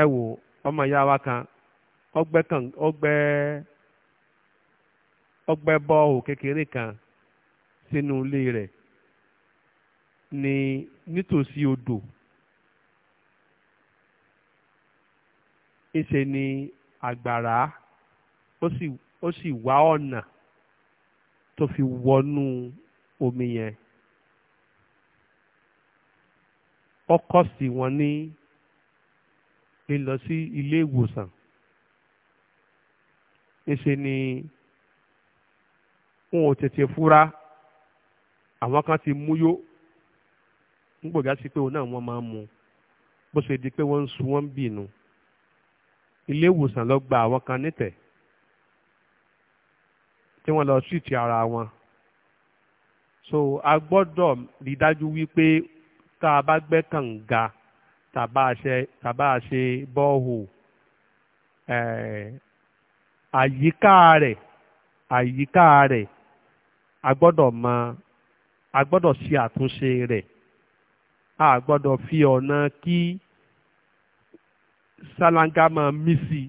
ẹ wò ọmọ ìyá wa kan ọgbẹ kan ọgbẹ ọgbẹ bọ́ọ̀hù kékeré kan sínú ilé rẹ ní nítòsí odò ìṣe ni àgbàrá ó sì ó sì wá ọ̀nà tó fi wọnú omi yẹn ọkọ̀ sí wọn ní. lílọ sí ilé ìwòsàn níṣe ni wọn ò tètè fura àwọn kan ti múyó ń gbòdá sí pé òun náà wọ́n máa ń mu bó ṣe di pé wọ́n ń sun wọ́n ń ilé ìwòsàn lọ gba àwọn kan nítẹ̀ tí wọ́n lọ ṣìtì ara wọn so a gbọ́dọ̀ rí dájú wípé tá a bá gbẹ́ kànga tàbá ṣe tàbá ṣe bọ́ọ̀hù eh, àyíká rẹ̀ àyíká rẹ̀ a gbọ́dọ̀ mọ a gbọ́dọ̀ ṣe àtúnṣe rẹ̀ a gbọ́dọ̀ fi ọ̀nà kí ṣáláńgá máa mí sí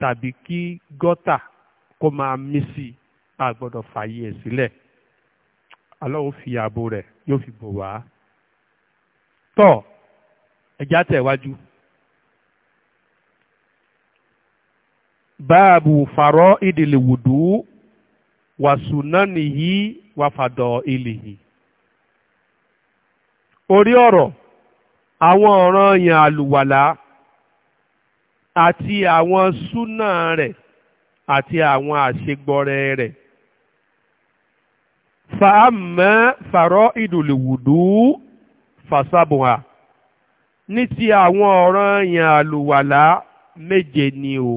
tàbí kí gọ́tà kó máa mí sí a gbọ́dọ̀ fààyè ẹ̀ sílẹ̀ Allah ó fi ààbò rẹ̀ yóò fi bò wá tọ́ ẹjá tẹ̀wájú. báàbù fàrọ́ ìdìlè wùdú wàsùnánìyí wàfàdọ̀ ìlìyí. orí ọ̀rọ̀ àwọn ọ̀ràn yàn àlùwàlá àti àwọn súnà rẹ̀ àti àwọn àṣegbọrẹ rẹ̀. fàámẹ́ fàrọ́ ìdìlè wùdú fàṣàbùhà ní ti àwọn ọ̀ranyàn àlùwàlá méje ni o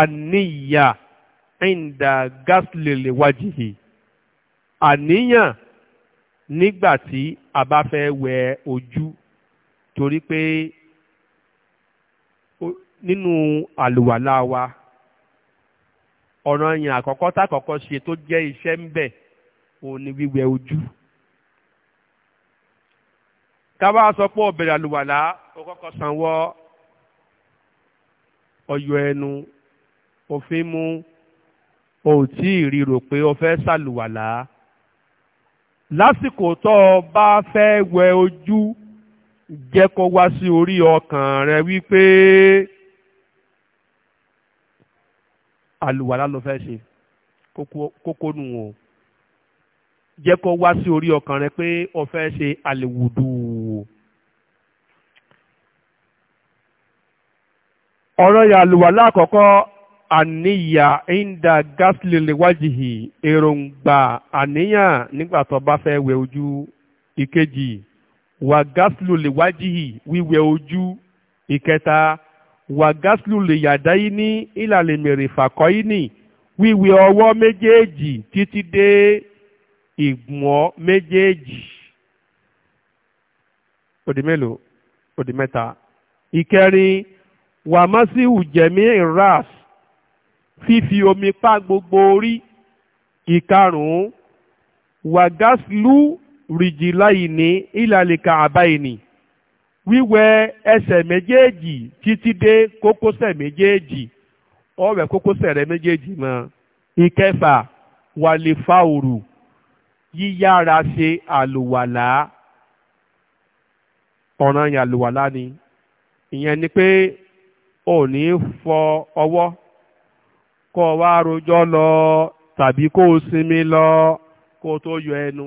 àníyà ìndà gáslìlì wájìhì àníyàn nígbà tí a bá fẹ́ wẹ ojú torí pé nínú àlùwàlá wa ọ̀ranyàn àkọ́kọ́ tá kọ́kọ́ ṣe tó jẹ́ iṣẹ́ ń bẹ̀ òun ni wíwẹ ojú táwa sọ pé ọ̀bẹ̀rẹ̀ àlùwàlá ó kọ́kọ́ sanwó ọyọ ẹnu òfin mú o tí ì rí rò pé o fẹ́ ṣàlùwàlá lásìkò tó o bá fẹ́ wẹ ojú jẹ́ kó wá sí orí ọkàn rẹ wípé àlùwàlá ló fẹ́ ṣe kókó nù o. jẹ́ kó wá sí orí ọkàn rẹ pé o fẹ́ ṣe àlèwùdù ọ̀rọ̀ yà àlùwàlá àkọ́kọ́ àníyà ìndà gáslìlì wájìhì èròǹgbà àníyàn nígbà tó bá fẹ́ wẹ ojú ìkejì wà gáslìlì wájìhì wíwẹ ojú ìkẹta wà gáslìlì yàdáyí ní ìlàlẹ̀ mèrè fàkọ́yí ní wíwẹ ọwọ́ méjèèjì títí dé ìgùn ọ méjèèjì òdì mélòó òdì mẹ́ta ìkẹrin wàmásíwù jẹ̀mí ras fífi omi pa gbogbo orí ìkarùn-ún wàgásílù rìjìláìní ìlàlìkà àbáìní wíwẹ̀ ẹsẹ̀ méjèèjì títí dé kókósẹ̀ méjèèjì ọ̀wẹ̀ kókósẹ̀ rẹ̀ méjèèjì mọ́ ìkẹfà wàlífàòrù yíyára ṣe àlùwàlá ọ̀ràn yẹn àlùwàlá ni ìyẹn ni pé ò ní fọ ọwọ́ kó o wá rojọ́ lọ tàbí kó o sinmi lọ kó o tó yọ ẹnu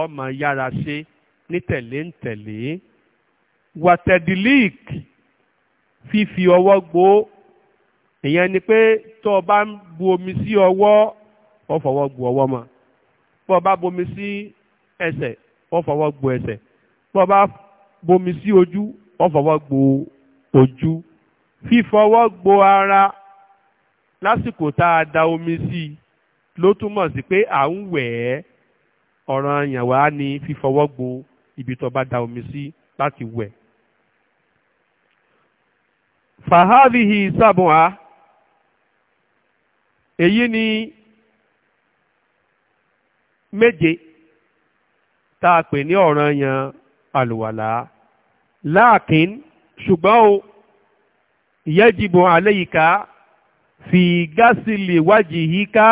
ọmọ yára ṣe ní tẹ̀lé ń tẹ̀lé wàtẹ̀dìlíìk fífi ọwọ́ gbó ìyẹn ni pé tó o bá ń bu omi sí ọwọ́ ọ fọwọ́ gbu ọwọ́ mọ́ bọ́ bá bomi sí ẹsẹ̀ wọ́n fọwọ́ gbo ẹsẹ̀ bọ́ bá bomi sí ojú wọ́n fọwọ́ gbo ojú fífọwọ́ gbo ara lásìkò tá a da omi sí i ló túmọ̀ sí pé à ń wẹ̀ ẹ́ ọ̀ràn àyàn wá fífọwọ́ gbo ibi tó bá da omi sí láti wẹ̀. fàhádìhì sábùn á èyí ni méje tá a pè ní ọ̀ranyàn àlùwàlá láàkín ṣùgbọ́n o yajibu alayka fi gásìlì wajhika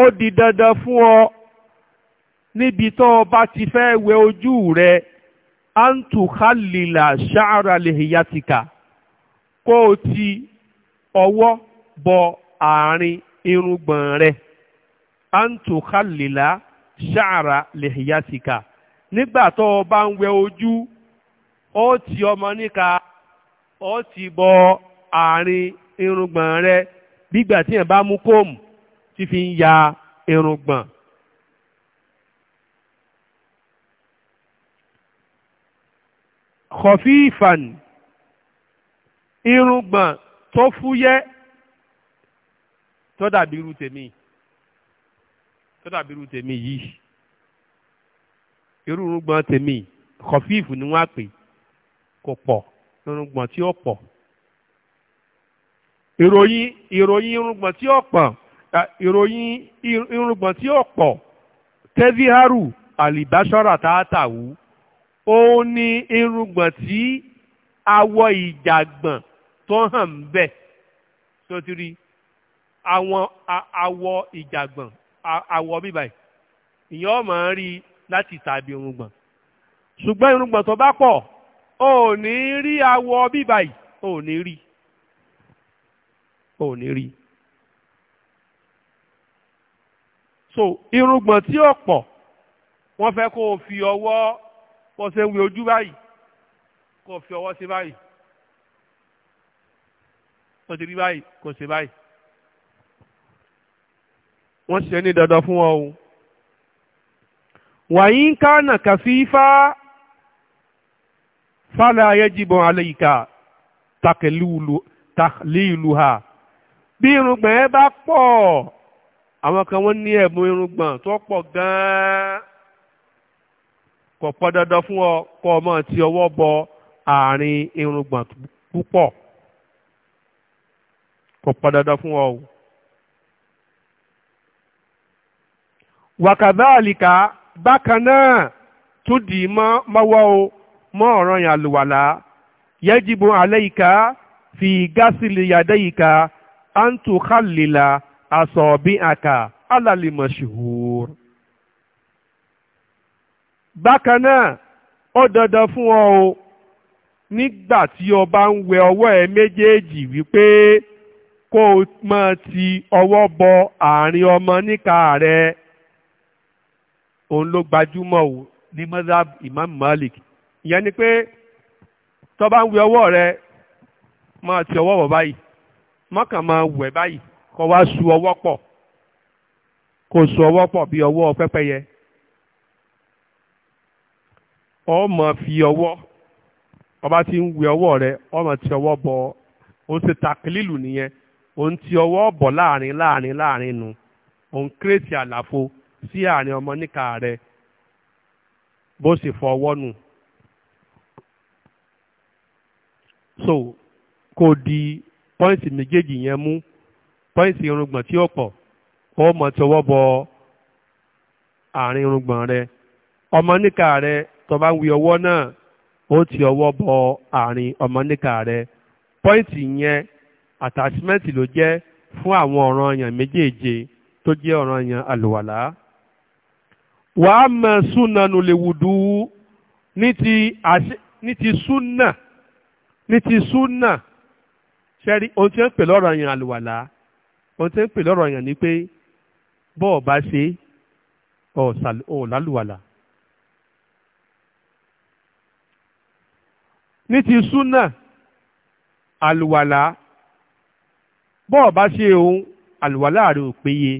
ó di dandan fún ọ níbi tó o bá ti fẹ́ wẹ ojú rẹ antu khalila ṣáára lihiyatika kó o ti ọwọ́ bọ àárín irùngbọ̀n rẹ antu khalila ṣáàrà lèhìyàtìkà nígbà tó o bá ń wẹ ojú ó ti ọmọ níka ó ti bọ àárín irùngbọ̀n rẹ gbígbà tí yẹn bá mú kóòmù tí fi ń ya irùngbọ̀n. kọfíìfàn irùngbọ̀n tó fúyẹ́ tó dàbí irú tèmi tó dàbí irú tèmi yìí irú irúgbọ́n tèmi kọfíìfù ni wọ́n á pè kò pọ̀ irúgbọ́n tí ó pọ̀ ìròyìn ìròyìn irúgbọ́n tí ó pọ̀ ìròyìn irúgbọ́n tí ó pọ̀ tẹ́fíhárù àlìbáṣọ́rà tààtàwù òun ni irúgbọ̀n tí awọ ìjàgbọ̀n tó hàn ń sotiri àwọn awọ ìjàgbọ̀n àwọ̀ bíbà yìí ìyẹn ọ̀ máa ń rí i láti tàbí irùngbọ̀n ṣùgbọ́n irùngbọ̀n tó bá pọ̀ ò ní rí àwọ̀ bíbà yìí ò ní rí ò ní rí. so irùngbọ̀n tí ó pọ̀ wọ́n fẹ́ kó o fi ọwọ́ bó ṣe ń wí ojú báyìí kó o fi ọwọ́ sí báyìí kó o ti rí báyìí kó o ṣe báyìí. wọ́n ṣe ní dandan fún ọ o wàyí ń kánà kàfífá fálà ayẹ́jìbọn aléyìíká tàkìlìlùhà bí irùngbọ̀n ẹ bá pọ̀ àwọn kan wọ́n ní ẹ̀bùn irùngbọ̀n tó pọ̀ gan-an kò pọ̀ dandan fún ọ kọ́ mọ̀ tí ọwọ́ bọ àárín irùngbọ̀n púpọ̀ kò pọ̀ dandan fún ọ o. wàkàdáàlìkà bákan náà tó dì í mọ́ mọ́wọ́ o mọ́ ọ̀ràn yàn àlùwàlà yẹ́jìbò àlẹ́yìká fi gásìlì yàdẹ́yìká àǹtò kálìlà àsọ̀ọ̀bí àkà alálìmọ̀ṣùhùr. bákan náà ó dandan fún ọ o nígbà tí o bá ń wẹ ọwọ́ ẹ méjèèjì wípé kó o máa ti ọwọ́ bọ àárín ọmọ níka rẹ. òun ló gbajúmọ̀ o ní mazhab imam malik ìyẹn ni pé tó bá ń wẹ ọwọ́ rẹ máa ti ọwọ́ wọ̀ báyìí mọ́kàn máa wẹ̀ báyìí kó wá su ọwọ́ pọ̀ kó su ọwọ́ pọ̀ bí ọwọ́ pẹ́pẹ́yẹ ọ máa fi ọwọ́ ó ti ń wẹ ọwọ́ rẹ ọ máa ti ọwọ́ bọ ó ń ṣe takililu nìyẹn ó ń ti ọwọ́ bọ̀ láàrin láàrin láàrin nu ó ń kírètì àlàfo sí àárín ọmọ níka rẹ bó sì fọwọ́ nù. so kò di pọ́ìntì méjèèjì yẹn mú pọ́ìntì irùngbọ̀n tí ó pọ̀ ó mọ̀ tí ọwọ́ bọ àárín irùngbọ̀n rẹ ọmọ níka rẹ tó bá ń wí ọwọ́ náà ó ti ọwọ́ bọ àárín ọmọ níka rẹ pọ́ìntì yẹn àtàṣímẹ́ǹtì ló jẹ́ fún àwọn ọ̀ranyàn méjèèje tó jẹ́ ọ̀ranyàn àlùwàlá wàá mọ̀ súnà nù lè wùdú ní ti àṣẹ ní ti súnà ní ti súnà ṣẹ́rí ohun tí ń pè lọ́rọ̀ yàn àlùwàlà ohun tí ń pè lọ́rọ̀ yàn ni pé bọ́ọ̀ bá ṣe ọ̀ lálùwàlà. ní ti súnà àlùwàlà bọ́ọ̀ bá ṣe ohun àlùwàlà rẹ̀ ò péye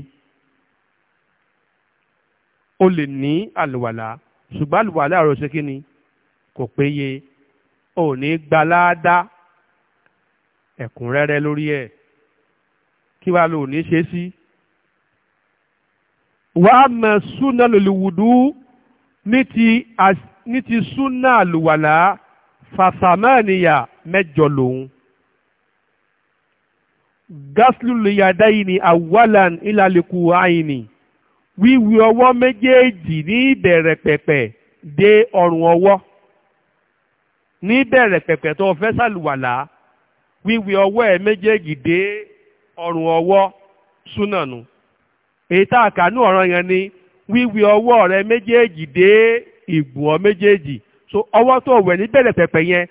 o lè ní àlùwàlà ṣùgbọ́n àlùwàlà rẹ̀ ṣe kí ni kò péye o ò ní gba láàdá ẹ̀kúnrẹ́rẹ́ lórí ẹ̀ kí wàá lò ní ṣe sí. wàá mọ̀ súnà lòlùwùdú ní ti súnà àlùwàlà fàṣàmánìyà mẹ́jọ lòun gáslùlù yàdáyìí ni àwàlàn ìlàlẹ́kù àyìnì wíwí ọwọ́ méjèèjì ní ìbẹ̀rẹ̀ pẹ̀pẹ̀ dé ọrùn ọwọ́ ní ìbẹ̀rẹ̀ pẹ̀pẹ̀ tó fẹ́ sàlùwàlà wíwí ọwọ́ ẹ̀ méjèèjì dé ọrùn ọwọ́ súnànù èyí tá a kà ní ọ̀ràn yẹn ni wíwí ọwọ́ rẹ méjèèjì dé ìgbùn ọ méjèèjì so ọwọ́ tó wẹ̀ ní ìbẹ̀rẹ̀ pẹ̀pẹ̀ yẹn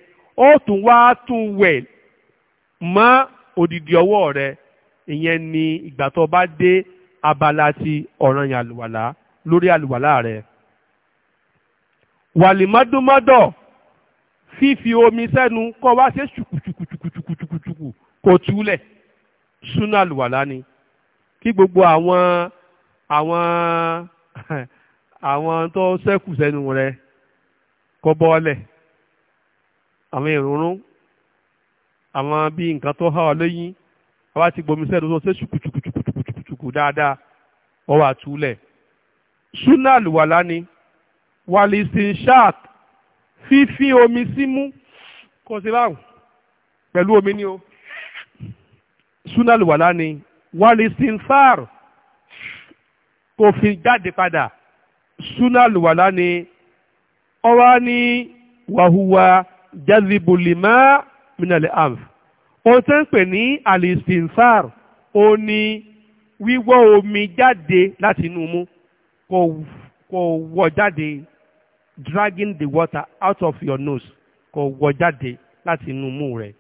ó tún wá tún wẹ̀ mọ́ òdìdí ọwọ́ rẹ ìyẹn ni ìgbà tó bá dé abala ti ọ̀ranyàn àlùwàlá lórí àlùwàlá rẹ̀. wàlìmọ́dúnmọ́dọ̀ fífi omi sẹ́nu kọ́ wá ṣe ṣùkùṣùkùṣùkùṣùkùṣùkù kò túlẹ̀ súnà àlùwàlá ni kí gbogbo àwọn àwọn àwọn tó ṣẹ́kù sẹ́nu rẹ̀ kọ́ bọ́ọ̀lẹ̀ àwọn ìrúnrún àwọn bí nǹkan tó há ọ lẹ́yìn àwa ti gbomi sẹ́nu tó ṣe ṣùkùṣùkù kùkù dáadáa wọ́n wà túlẹ̀. súnà àlùwàlá ni wàlìsìn shark fífi omi símú kò sí báwọn pẹ̀lú omi ni o súnà àlùwàlá ni wàlìsìn far kò fi jáde padà súnà àlùwàlá ni ọwá ní wàhùwà jazibulima minale amf ohun tí wọ́n ń pè ní alistinfar ó ní wíwọ́ omi jáde láti inú mú kò kò wọ́ jáde dragging the water out of your nose kò wọ́ jáde láti inú mú rẹ̀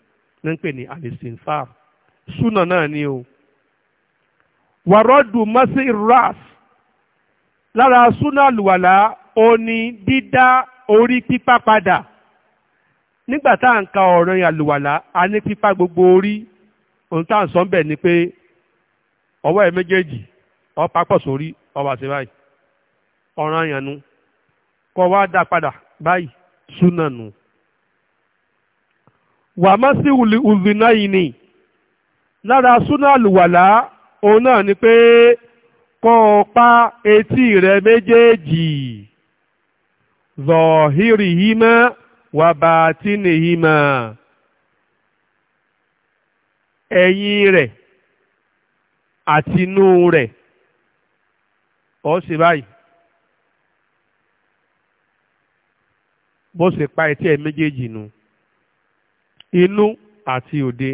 ní pè ní alisinfar súnà náà ni o wàrọ́dù mọ́sí ras lára súnà lùwàlá ó ní dídá orí pípá padà nígbà tá à ń ka ọ̀rọ̀ yẹn a ní pípá gbogbo orí ohun tá à ń sọ ń bẹ̀ ni pé ọwọ́ ẹ̀ méjèèjì ọ papọ̀ sórí ọwọ́ àti báyìí ọ̀ràn àyànnú kọ́ wá dá padà báyìí súnà nù. wàmásí ùzìnà yìí ni lára súnà àlùwàlá òun náà ni pé kọ́ ọ pa etí rẹ méjèèjì zọ̀hírì yìí mọ́ wàbàtí nìyí mọ́ ẹ̀yìn rẹ̀ àti inú rẹ̀ ó ṣe báyìí bó ṣe pa etí ẹ̀ méjèèjì nu inú àti òde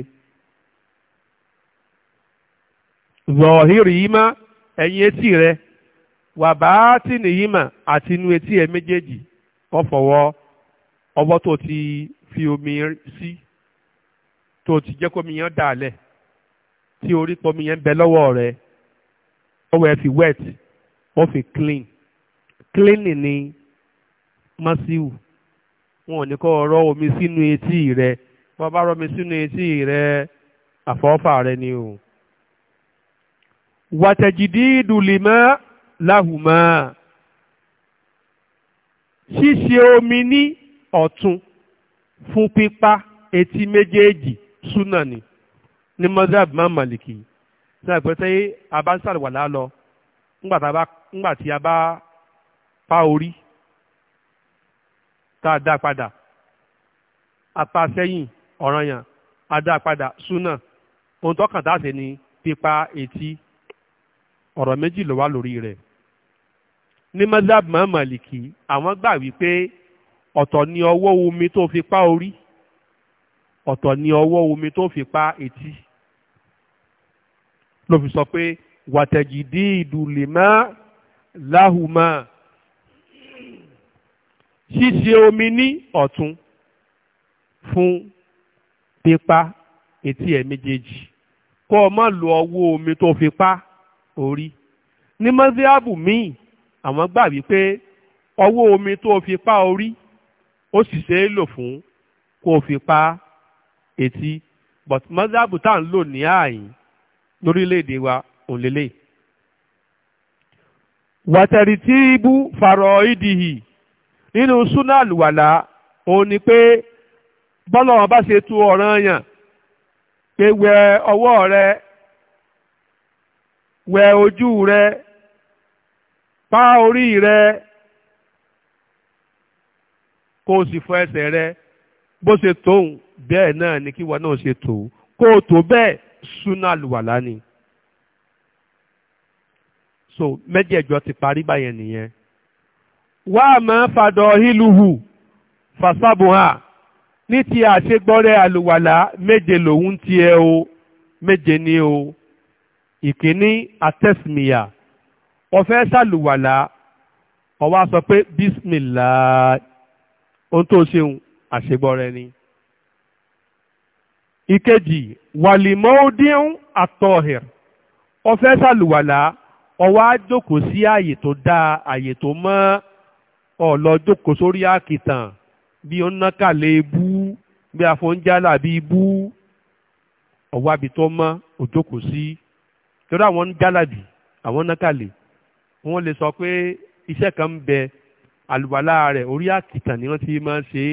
zọ̀hírì yìí má ẹ̀yìn etí rẹ̀ tí nìyí mà àti inú etí ẹ̀ méjèèjì ọ fọwọ́ ọwọ́ tó ti fi omi sí tó ti jẹ́ kómi yẹn dà lẹ̀. tí orí pọmi yẹn ń bẹ lọ́wọ́ rẹ ọwọ́ ẹ fi wet wọ́n fi clean cleaning ni masiu wọn ò ní kọ́ ọ̀rọ̀ omi sínú etí rẹ wọ́n bá rọ́ omi sínú etí rẹ àfọ́fà rẹ ni o. wàtẹ̀jìdí dùlìmọ́ láhùmọ́ ṣíṣe omi ní ọ̀tún fún pípa etí méjèèjì súnà ni ní mọ́sáàb máa màlìkì ní àpẹẹrẹ abáṣàlùwàlá lọ ńgbà tí a bá pa orí tá a dá padà apá sẹ́yìn ọ̀ranyàn a dá padà súnà ohun tó kàn tá a ṣe ni pípa etí ọ̀rọ̀ méjì ló wà lórí rẹ̀ ní mọ́sáàb máa màlìkì àwọn gbà wípé ọ̀tọ̀ ni ọwọ́ omi tó fi pa orí ọ̀tọ̀ ni ọwọ́ omi tó fi pa etí ló fi sọ pé wàtẹ̀jìdí ìdùlẹ̀má láhùmá ṣíṣe omi ní ọ̀tún fún pípa etí ẹ̀ méjèèjì kó o má lo ọwọ́ omi tó fi pa orí ní mọ́síábù míì àwọn gbà wípé ọwọ́ omi tó fi pa orí ó sì ṣe é lò fún kó o fi pa etí but mọ́síábù tá à ń lò ní àyìn lórílẹ̀‐èdè wa òǹlẹ́lẹ̀ wàtẹ̀rì tí ibú fàrọ̀ ìdìhì nínú súnà àlùwàlà òun ni pé bọ́lọ̀ wọn bá ṣe tu ọ̀ràn yàn pé wẹ ọwọ́ rẹ wẹ ojú rẹ pa orí rẹ kó o sì fọ ẹsẹ̀ rẹ bó ṣe tóun bẹ́ẹ̀ náà ni kí wọn náà ṣe tòun kó o tó bẹ́ẹ̀ súnà àlùwàlá so mẹ́jẹ̀ẹ̀jọ ti parí báyẹn nìyẹn wá àmọ́ fàdọ̀ hílùhù fàṣàbùhà ní ti àṣegbọ́rẹ́ àlùwàlá méje lòun ti ẹ o méje ni o ìkíní àtẹ́sìmìyà ọ̀fẹ́ ṣàlùwàlá ó wá sọ pé bísmìlá ohun tó ṣeun àṣegbọ́rẹ́ ni ìkejì wàlìmọ́ọ́dún àtọ̀hìr ọ̀fẹ́ sàlùwàlà ọwọ́ àjòkó sí ààyè tó dáa ààyè tó mọ́ ọ̀lọ́ jòkó sórí àkìtàn bí ó ń nákàlẹ̀ ibú bí afọ́njálà bí ibú ọwọ́ àbí tó mọ́ òjòkó sí torí àwọn ń jálàbì àwọn nákàlẹ̀ wọ́n lè sọ pé iṣẹ́ kan ń bẹ àlùwàlà rẹ̀ orí àkìtàn ni wọ́n ti máa ń ṣe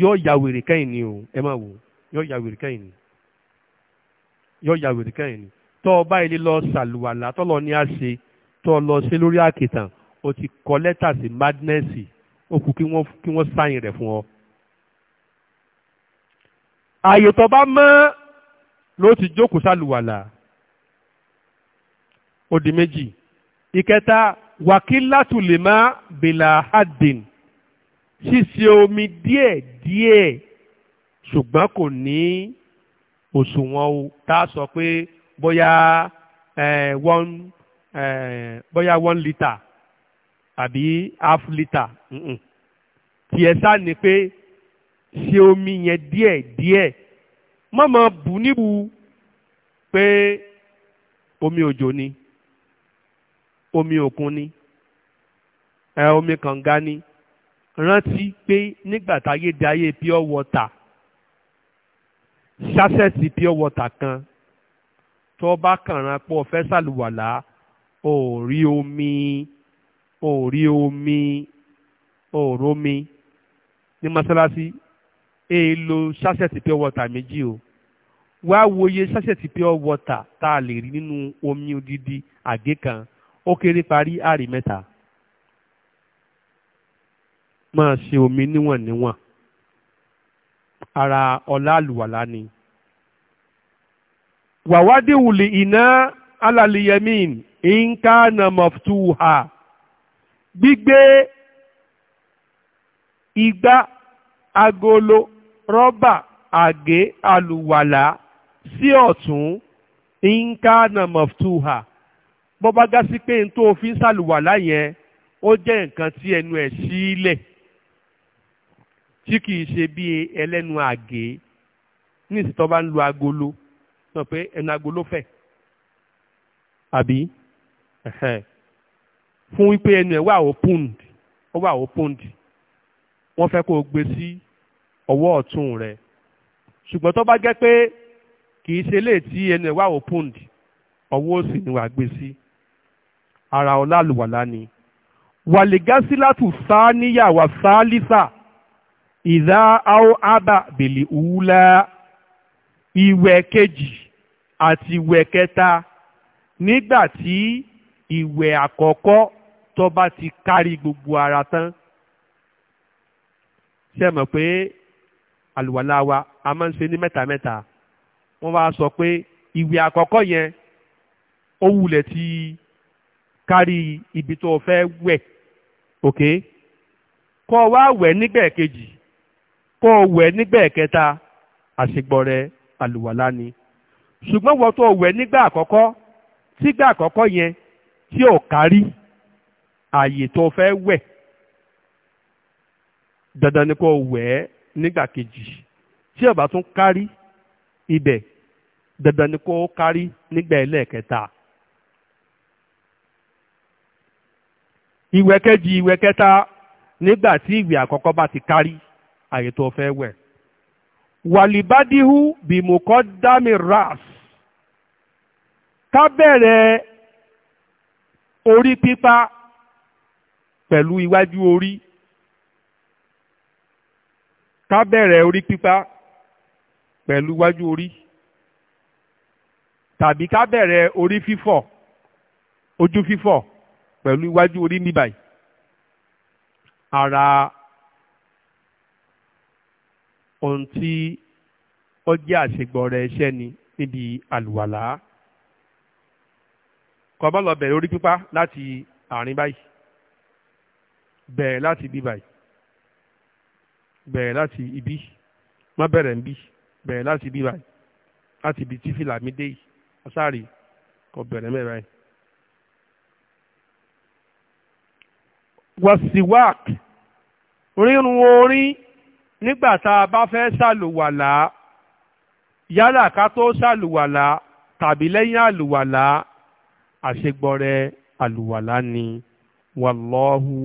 yóò yà wèrè kẹ́yìn ni o ẹ máa wò ó yóò ya wèrè kẹ́yìn ni yóò ya wèrè kẹ́yìn ni tọ́ ọ báyìí lè lọ sàlùwàlà tọ́lọ ní àṣe tọ́ ọ lọ sí lórí àkìtàn o ti kọ lẹ́tà sí madness ó kù kí wọ́n sáyìn rẹ̀ fún ọ. ààyè tó bá mọ́ ló ti jókòó sàlùwàlà ó méjì ìkẹta wàkílátùlẹ̀má bìlà hadin ṣíṣe omi díẹ̀ díẹ̀ ṣùgbọ́n kò ní òṣùwọ̀n o tá a sọ pé bóyá one bóyá one litre àbí half litre tiẹ̀ sá ni pé ṣe omi yẹn díẹ̀ díẹ̀ má máa bù níbu pé omi òjò ni omi òkun ni ẹ omi kànga ni rántí pé nígbà táyé di pure water ṣásẹ̀tì pure water kan tó bá kànra pọ̀ fẹ́ ṣàlùwàlá ò rí omi ò rí omi ò rómi ní mọ́ṣáláṣí èèlò ṣásẹ̀tì pure water méjì o wá wòye ṣásẹ̀tì pure water tá a lè rí nínú omi odidi àgé kan ó kéré parí àrí mẹ́ta máa ṣe omi níwọ̀n níwọ̀n ara ọlá àlùwàlá ni. wàwádìwùlì iná alàlìyẹmín nǹkan mọ̀túhà gbígbé igbá agolo rọ́bà àgé àlùwàlá sí ọ̀tún nǹkan mọ̀túhà bọ́bá gá sí pé n tó fi ń sàlùwàlá yẹn ó jẹ́ nǹkan tí ẹnu ẹ̀ sílẹ̀. Si tí kìí ṣe bí ẹlẹ́nu àgé ní ìsìtọ́ bá ń lu agolo náà pé ẹnu agolo fẹ̀ àbí fún wípé ẹnu ẹ̀ wà opened ó wà opened wọ́n fẹ́ kó o gbé sí ọwọ́ ọ̀tún rẹ̀ ṣùgbọ́n tó bá jẹ́ pé kìí ṣe lè tí ẹnu ẹ̀ wà opened ọwọ́ òsì ni wàá gbé sí ara ọlá àlùwàlá ni wàlẹ̀gásílátù sáníyà wà ìdá áó ábà bèlè wúlá ìwẹ̀ kejì àti ìwẹ̀ kẹta nígbà tí ìwẹ̀ àkọ́kọ́ tó bá ti kárí gbogbo ara tán ṣe mọ̀ pé àlùwàlá wa a máa ń ṣe ní mẹ́ta mẹ́ta wọ́n wá sọ pé ìwẹ̀ àkọ́kọ́ yẹn ó wulẹ̀ ti kárí ibi tó fẹ́ wẹ̀ òkè kọ́ wá wẹ̀ nígbà kejì kó o wẹ̀ nígbà ẹ̀kẹta àṣegbọrẹ àlùwàlá ni ṣùgbọ́n wọ́n tó o wẹ̀ nígbà àkọ́kọ́ tígbà àkọ́kọ́ yẹn tí ò kárí ààyè tó fẹ́ wẹ̀ dandan ni kó o wẹ̀ ẹ́ nígbà kejì tí ó bá tún kárí ibẹ̀ dandan ni kó kárí nígbà ẹlẹ́ẹ̀kẹta. ìwẹ̀ kejì ìwẹ̀ kẹta nígbà tí ìwẹ̀ àkọ́kọ́ bá ti kárí àyè tó fẹ́ wẹ̀ wàlìbádìhù bìmùkọ́ dámì ras ká bẹ̀rẹ̀ orí pípa pẹ̀lú iwájú orí ká bẹ̀rẹ̀ orí pípa pẹ̀lú iwájú orí tàbí ká bẹ̀rẹ̀ orí fífọ̀ ojú fífọ̀ pẹ̀lú iwájú orí níbàyí ara ohun tí ó jẹ́ àṣegbọ̀rẹ̀ iṣẹ́ ni níbi àlùwàlá kọ́mọ́ lọ bẹ̀rẹ̀ orí pípá láti àárín báyìí bẹ̀rẹ̀ láti ibi báyìí bẹ̀rẹ̀ láti ibi má bẹ̀rẹ̀ ń bí bẹ̀rẹ̀ láti ibi báyìí láti ibi tí fìlà mi dé yìí ọ̀sáàrì kò bẹ̀rẹ̀ mẹ́rin báyìí. wàsíwáàkì rírun orí nígbà tá a bá fẹ́ ṣàlùwàlá yálà ká tó ṣàlùwàlá tàbí lẹ́yìn àlùwàlá àṣegbọrẹ àlùwàlá ni wàlọ́hu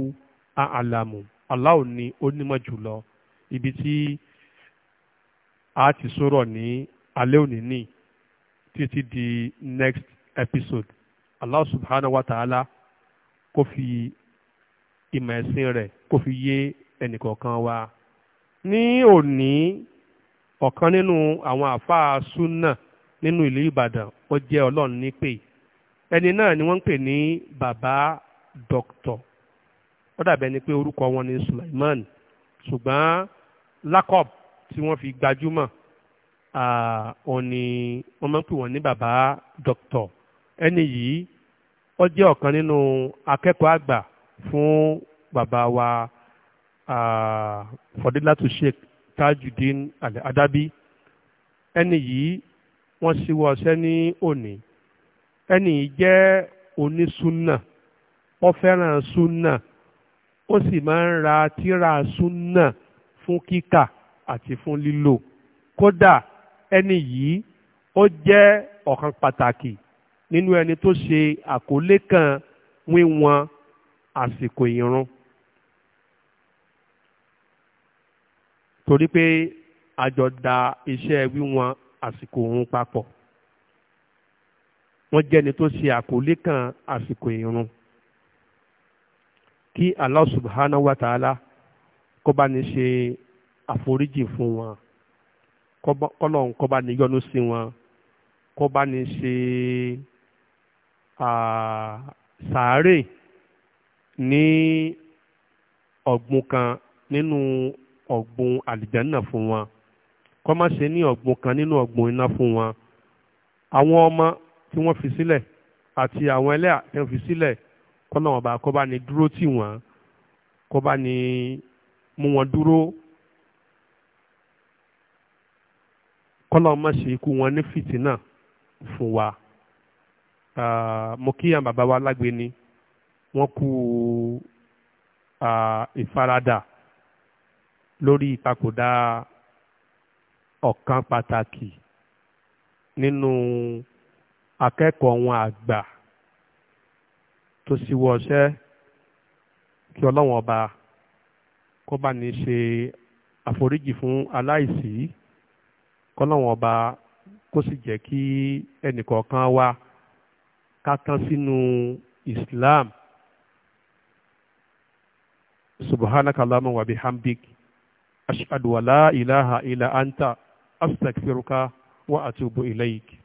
àlàmù Allah ni ó nímọ̀ jùlọ ibi tí a ti sọ̀rọ̀ ní alẹ́ òní ní títí di next episode Allah subhanahu wa ta'ala kó fi ìmọ̀ ẹ̀sìn rẹ̀ kó fi yé ẹnìkọ̀ọ̀kan wa ní òní ọ̀kan nínú àwọn àfáà súnà nínú ìlú Ìbàdàn ó jẹ́ ọlọ́run ní ẹni náà ni wọ́n ń pè ní bàbá dọ́kítọ̀ ó dàbẹ̀ ni pé orúkọ wọn ni Suleiman ṣùgbọ́n lakob tí wọ́n fi gbajúmọ̀ òní wọ́n máa ń pè wọ́n ní bàbá dọ́kítọ̀ ẹni yìí ó jẹ́ ọ̀kan nínú akẹ́kọ̀ọ́ àgbà fún bàbá wa. Ah, fọdílátù sheikh tajudeen al-adabi ẹni yìí wọ́n ṣíwọ́ ọṣẹ́ ní òní ẹni yìí jẹ́ onísúnà ó fẹ́ràn súnà ó sì máa ń ra tíra súnà fún kíkà àti fún lílò kódà ẹni yìí ó jẹ́ ọ̀kan pàtàkì nínú ẹni tó ṣe àkọlé kan wíwọn àsìkò ìrun. torí pé àjọ da iṣẹ́ wíwọn àsìkò òun papọ̀ wọ́n jẹ́ni tó ṣe àkọlé kan àsìkò ìrun kí Allah subhanahu wa ta'ala kó bá ní ṣe àforíjì fún wọn kọ́lọ́n kó bá ní yọ́nú sí wọn kó bá ní ṣe sàárè ní ọ̀gbun kan nínú ọ̀gbun àlìjánà fún wọn kọ́ má ṣe ní ọ̀gbun kan nínú ọ̀gbun iná fún wọn àwọn ọmọ tí wọ́n fi sílẹ̀ àti àwọn ẹlẹ́à tí wọ́n fi sílẹ̀ kọ́nà ọba kó bá ní dúró tì wọ́n kó bá ní mú wọn dúró kọ́nà má ikú wọn ní fìtínà fún wa mo kíyàn bàbá wa lágbe ni wọ́n kú ìfaradà. Uh, lórí ìpapòdà ọ̀kan pàtàkì nínú akẹ́kọ̀ọ́ wọn àgbà tó ṣíwọ́ ọṣẹ́ kí ọlọ́wọ́n ọba kó bá ní ṣe àforíjì fún aláìsí kọ́lọ́wọ́n ọba kó sì jẹ́ kí ẹnìkọ̀ọ̀kan wa ká sínú Islam subhanakallahumma wa bihamdik. أشهد ولا إله إلا أنت أستغفرك وأتوب إليك